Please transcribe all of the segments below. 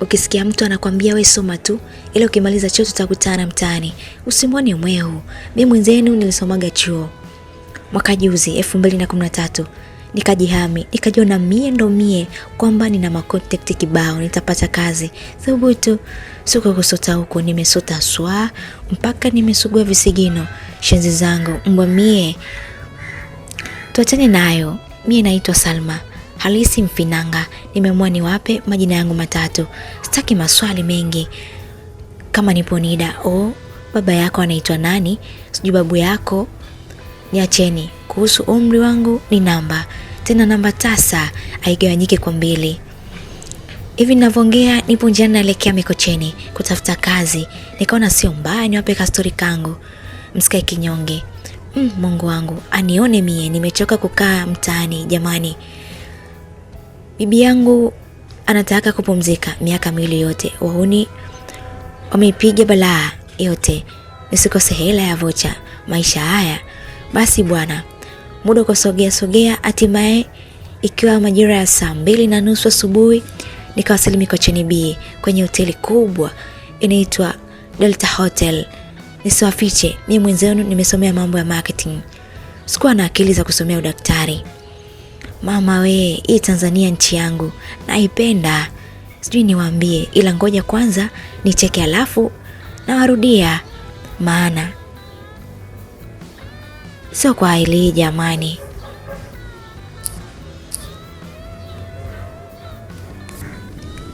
Ukisikia mtu anakwambia we soma tu, ila ukimaliza chuo tutakutana mtaani, usimwone mweu. Mi mwenzenu nilisomaga chuo mwaka juzi elfu mbili na kumi na tatu nikajihami nikajiona mie ndo mie, kwamba nina makontakti kibao, nitapata kazi. Thubutu suka kusota huko, nimesota swa mpaka nimesugua visigino. Shenzi zangu mbwa mie, tuachane nayo. Mie naitwa Salma halisi mfinanga. Nimeamua niwape majina yangu matatu, sitaki maswali mengi kama nipo Nida. Oh, baba yako anaitwa nani? Sijui babu yako. Niacheni. Kuhusu umri wangu ni namba, tena namba tasa, haigawanyike kwa mbili. Hivi ninavyoongea nipo njiani naelekea Mikocheni kutafuta kazi, nikaona sio mbaya niwape kastori kangu, msikae kinyonge. Mm, Mungu wangu anione mie nimechoka kukaa mtaani jamani. Bibi yangu anataka kupumzika miaka miwili yote, wahuni wameipiga balaa yote, nisikose hela ya vocha. Maisha haya basi bwana, muda ukasogea sogea. Hatimaye ikiwa majira ya saa mbili na nusu asubuhi nikawasili Mikocheni B kwenye hoteli kubwa inaitwa Delta Hotel. Nisiwafiche, mimi mwenzenu nimesomea mambo ya marketing, sikuwa na akili za kusomea udaktari. Mama we, hii Tanzania nchi yangu naipenda, sijui niwaambie, ila ngoja kwanza nicheke, alafu nawarudia, maana sio kwa hili jamani.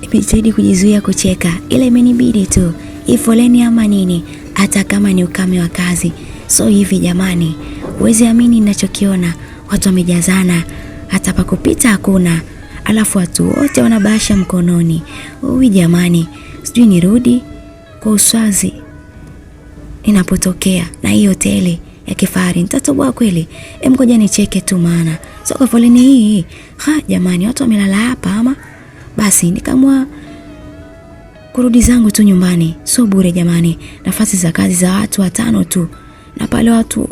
Nimejitahidi kujizuia kucheka, ila imenibidi tu, hii foleni ama nini, hata kama ni ukame wa kazi. So hivi jamani, huwezi amini ninachokiona, watu wamejazana hata kupita hakuna, alafu watu wote wanabasha mkononi. huyu jamani, sijui nirudi kwa uswazi inapotokea na hii hoteli ya kifahari nitatoboa kweli? Emgoja nicheke tu, maana soka foleni hii ha, jamani, watu wamelala hapa ama. Basi nikamwa kurudi zangu tu nyumbani, sio bure jamani. Nafasi za kazi za watu watano tu na pale watu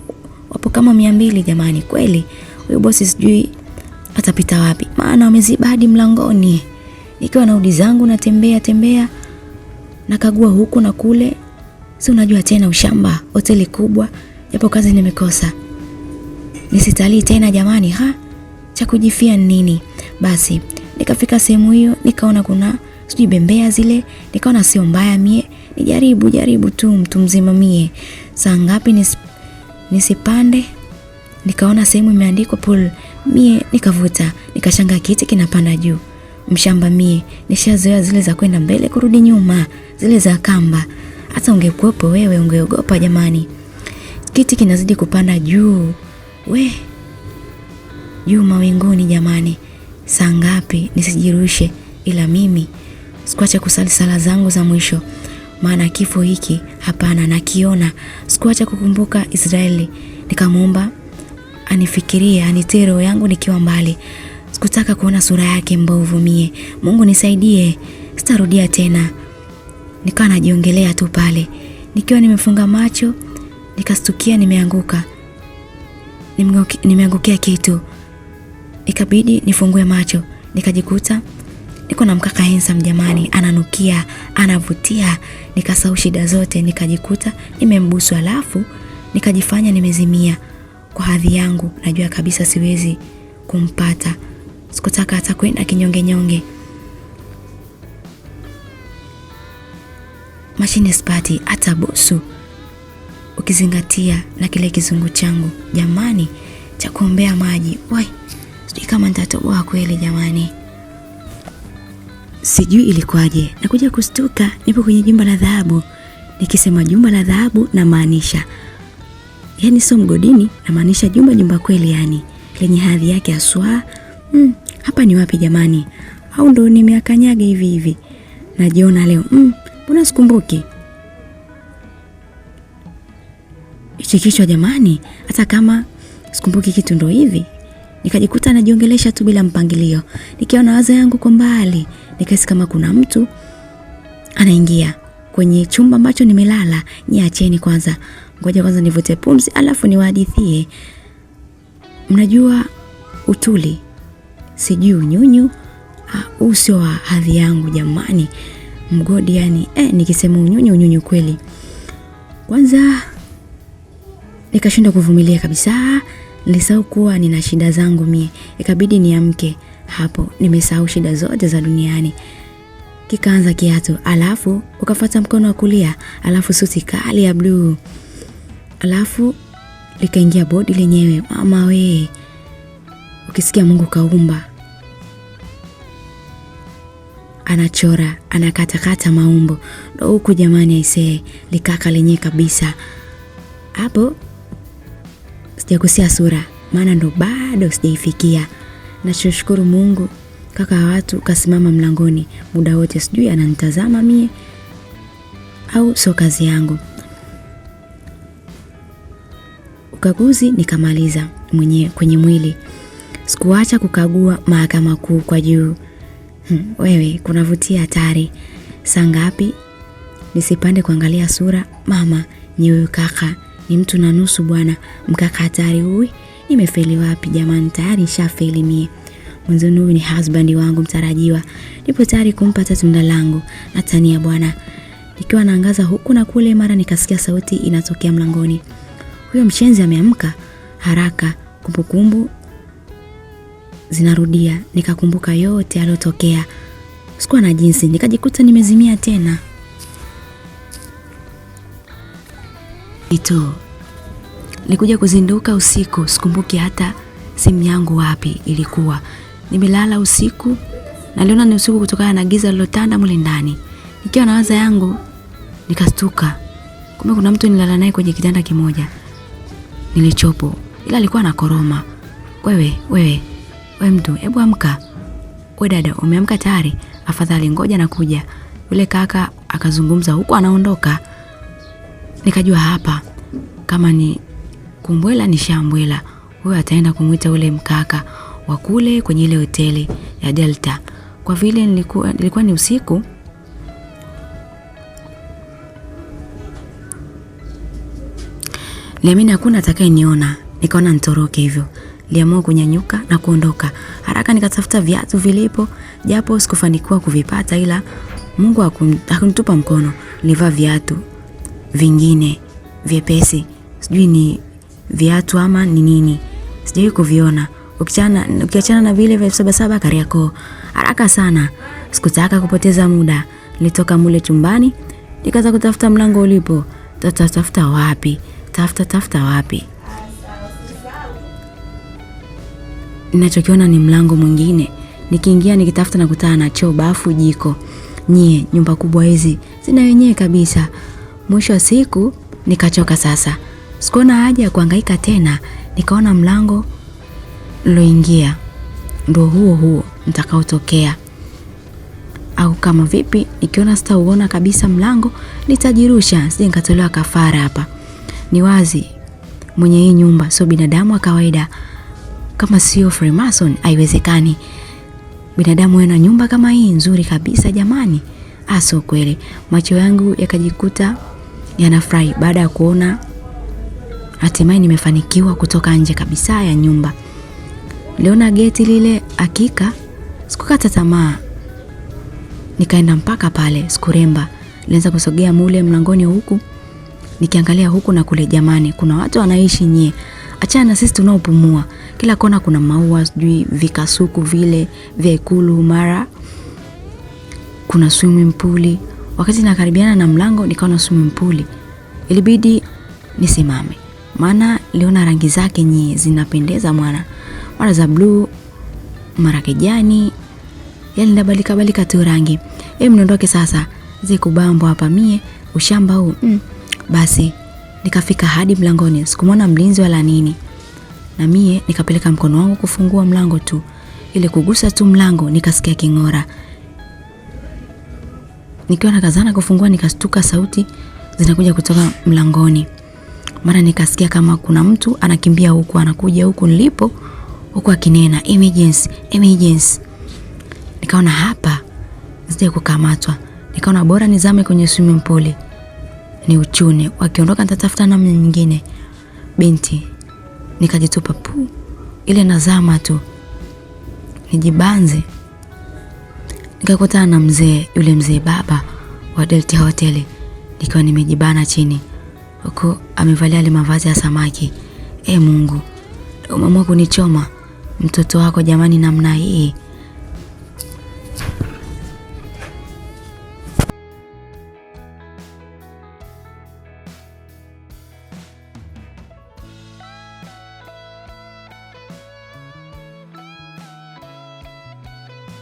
wapo kama mia mbili jamani, kweli huyu bosi sijui atapita wapi? Maana wameziba hadi mlangoni. Nikiwa na udi zangu natembea tembea, nakagua huku na kule, si unajua tena ushamba, hoteli kubwa, japo kazi nimekosa. Nisitalii tena jamani, ha cha kujifia nini? Basi nikafika sehemu hiyo, nikaona kuna sijui bembea zile, nikaona sio mbaya mie nijaribu jaribu tu, mtu mzima mie, saa ngapi nisipande? Nikaona sehemu imeandikwa pool Mie nikavuta nikashanga kiti kinapanda juu. Mshamba mie nishazoea zile za kwenda mbele kurudi nyuma, zile za kamba. Hata ungekuwepo wewe ungeogopa jamani. Kiti kinazidi kupanda juu. We juu mawinguni jamani, saa ngapi nisijirushe? Ila mimi sikuacha kusali sala zangu za mwisho, maana kifo hiki hapana nakiona. Sikuacha kukumbuka Israeli, nikamwomba anifikirie, anitie roho yangu nikiwa mbali. Sikutaka kuona sura yake mbovu mie. Mungu nisaidie, sitarudia tena. Nikawa najiongelea tu pale nikiwa nimefunga macho, nikastukia nimeanguka, nimeangukia kitu, ikabidi nifungue macho, nikajikuta niko na mkaka handsome jamani, ananukia anavutia. Nikasahau shida zote, nikajikuta nimembusu, alafu nikajifanya nimezimia. Kwa hadhi yangu najua kabisa siwezi kumpata. Sikutaka hata kwenda kinyonge nyonge. Mashine spati hata bosu ukizingatia na kile kizungu changu jamani, cha kuombea maji. Wai, sijui kama nitatoboa kweli jamani. Sijui ilikuwaje nakuja kustuka nipo kwenye jumba la dhahabu. Nikisema jumba la dhahabu, namaanisha yani sio mgodini, namaanisha jumba jumba kweli, yani lenye hadhi yake haswa. Mm, hapa ni wapi jamani? Au ndo nimeakanyaga hivi hivi? Najiona leo mm, mbona mm, sikumbuki hichi kichwa jamani, hata kama sikumbuki kitu ndo hivi nikajikuta najiongelesha tu bila mpangilio, nikiwa na waza yangu kwa mbali, nikahisi kama kuna mtu anaingia kwenye chumba ambacho nimelala, niacheni kwanza, ngoja kwanza nivute pumzi, alafu niwahadithie. Mnajua utuli, sijui unyunyu, huu uh, sio wa hadhi yangu jamani, mgodi yani. Eh, nikisema unyunyu unyunyu kweli. Kwanza nikashindwa kuvumilia kabisa, nilisahau kuwa nina shida zangu mie, ikabidi niamke hapo, nimesahau shida zote za duniani kikaanza kiatu, alafu ukafata mkono wa kulia, alafu suti kali ya bluu, alafu likaingia bodi lenyewe. Mama we, ukisikia Mungu kaumba, anachora anakatakata maumbo ndo huku jamani, aisee, likaka lenyewe kabisa hapo. Sijagusia sura, maana ndo bado sijaifikia. Nachoshukuru Mungu Kaka watu kasimama mlangoni muda wote, sijui ananitazama mie au sio kazi yangu. Ukaguzi nikamaliza mwenye kwenye mwili, sikuacha kukagua Mahakama Kuu kwa juu. Hmm, wewe kunavutia hatari. Saa ngapi nisipande kuangalia sura mama nyewe? Kaka ni mtu na nusu bwana, mkaka hatari huyu. Nimefeli wapi jamani? Tayari nishafeli mie. Mwenzenu huyu ni husband wangu mtarajiwa. Nipo tayari kumpa tunda langu natania bwana. Nikiwa naangaza huku na kule, mara nikasikia sauti inatokea mlangoni. Huyo mshenzi ameamka haraka, kumbukumbu zinarudia. Nikakumbuka yote aliyotokea. sikuwa na jinsi, nikajikuta nimezimia tena. Ito nikuja kuzinduka usiku, sikumbuki hata simu yangu wapi ilikuwa. Nimelala usiku, naliona ni usiku kutokana na giza lilotanda mule ndani. Nikiwa na waza yangu, nikastuka. Kumbe kuna mtu nilala naye kwenye kitanda kimoja nilichopo, ila alikuwa na koroma. Wewe, wewe, we mtu, hebu amka. We dada, umeamka tayari? Afadhali ngoja na kuja. Yule kaka akazungumza huku anaondoka. Nikajua hapa kama ni kumbwela ni shambwela, huyo ataenda kumwita ule mkaka wa kule kwenye ile hoteli ya Delta. Kwa vile nilikuwa, nilikuwa ni usiku liamini hakuna atakayeniona, nikaona nitoroke hivyo. liamua kunyanyuka na kuondoka. Haraka nikatafuta viatu vilipo, japo sikufanikiwa kuvipata ila Mungu hakunitupa mkono. Nilivaa viatu vingine vyepesi. Sijui ni viatu ama ni nini. Sijawahi kuviona ukiachana ukiachana na vile vya saba saba Kariakoo. Haraka sana, sikutaka kupoteza muda. Nilitoka mule chumbani nikaanza kutafuta mlango ulipo. Tata, tafuta wapi? Tafuta tafuta wapi? Ninachokiona ni mlango mwingine. Nikiingia nikitafuta na kutana na choo, bafu, jiko. Nyie nyumba kubwa hizi zina wenyewe kabisa. Mwisho wa siku nikachoka sasa, sikuona haja ya kuhangaika tena. Nikaona mlango loingia ndo huo huo nitakaotokea, au kama vipi, nikiona sitauona kabisa mlango nitajirusha, sije nikatolewa kafara. Hapa ni wazi, mwenye hii nyumba sio binadamu wa kawaida, kama sio Freemason, haiwezekani binadamu ana nyumba kama hii nzuri kabisa jamani, aso ah, kweli. Macho yangu yakajikuta yanafurahi baada ya kuona hatimaye nimefanikiwa kutoka nje kabisa ya nyumba niliona geti lile, hakika sikukata tamaa, nikaenda mpaka pale. Sikuremba, nilianza kusogea mule mlangoni, huku nikiangalia huku na kule. Jamani, kuna watu wanaishi nyie, achana na sisi tunaopumua. Kila kona kuna maua, sijui vikasuku vile vya Ikulu, mara kuna swimming pool. Wakati nakaribiana na mlango, nikaona swimming pool, ilibidi nisimame, maana niliona rangi zake nyie zinapendeza mwana mara za bluu, mara kijani, yani nabalika balika tu rangi. Hebu niondoke sasa, zikubambwa hapa mie ushamba huu mm. Basi nikafika hadi mlangoni, sikumwona mlinzi wala nini, na mie nikapeleka mkono wangu kufungua mlango tu, ili kugusa tu mlango nikasikia king'ora. Nikiwa nakazana kufungua, nikastuka sauti zinakuja kutoka mlangoni. Mara nikasikia kama kuna mtu anakimbia huku anakuja huku nilipo huku akinena emergency, emergency. Nikaona hapa zidi kukamatwa, nikaona bora nizame kwenye swimming pool ni uchune, wakiondoka nitatafuta namna nyingine. Binti, nikajitupa pu, ile nazama tu nijibanze, nikakutana na mzee yule, mzee baba wa Delta Hotel, nikiwa nimejibana chini huku amevalia ile mavazi ya samaki. E Mungu, umeamua kunichoma mtoto wako jamani namna hii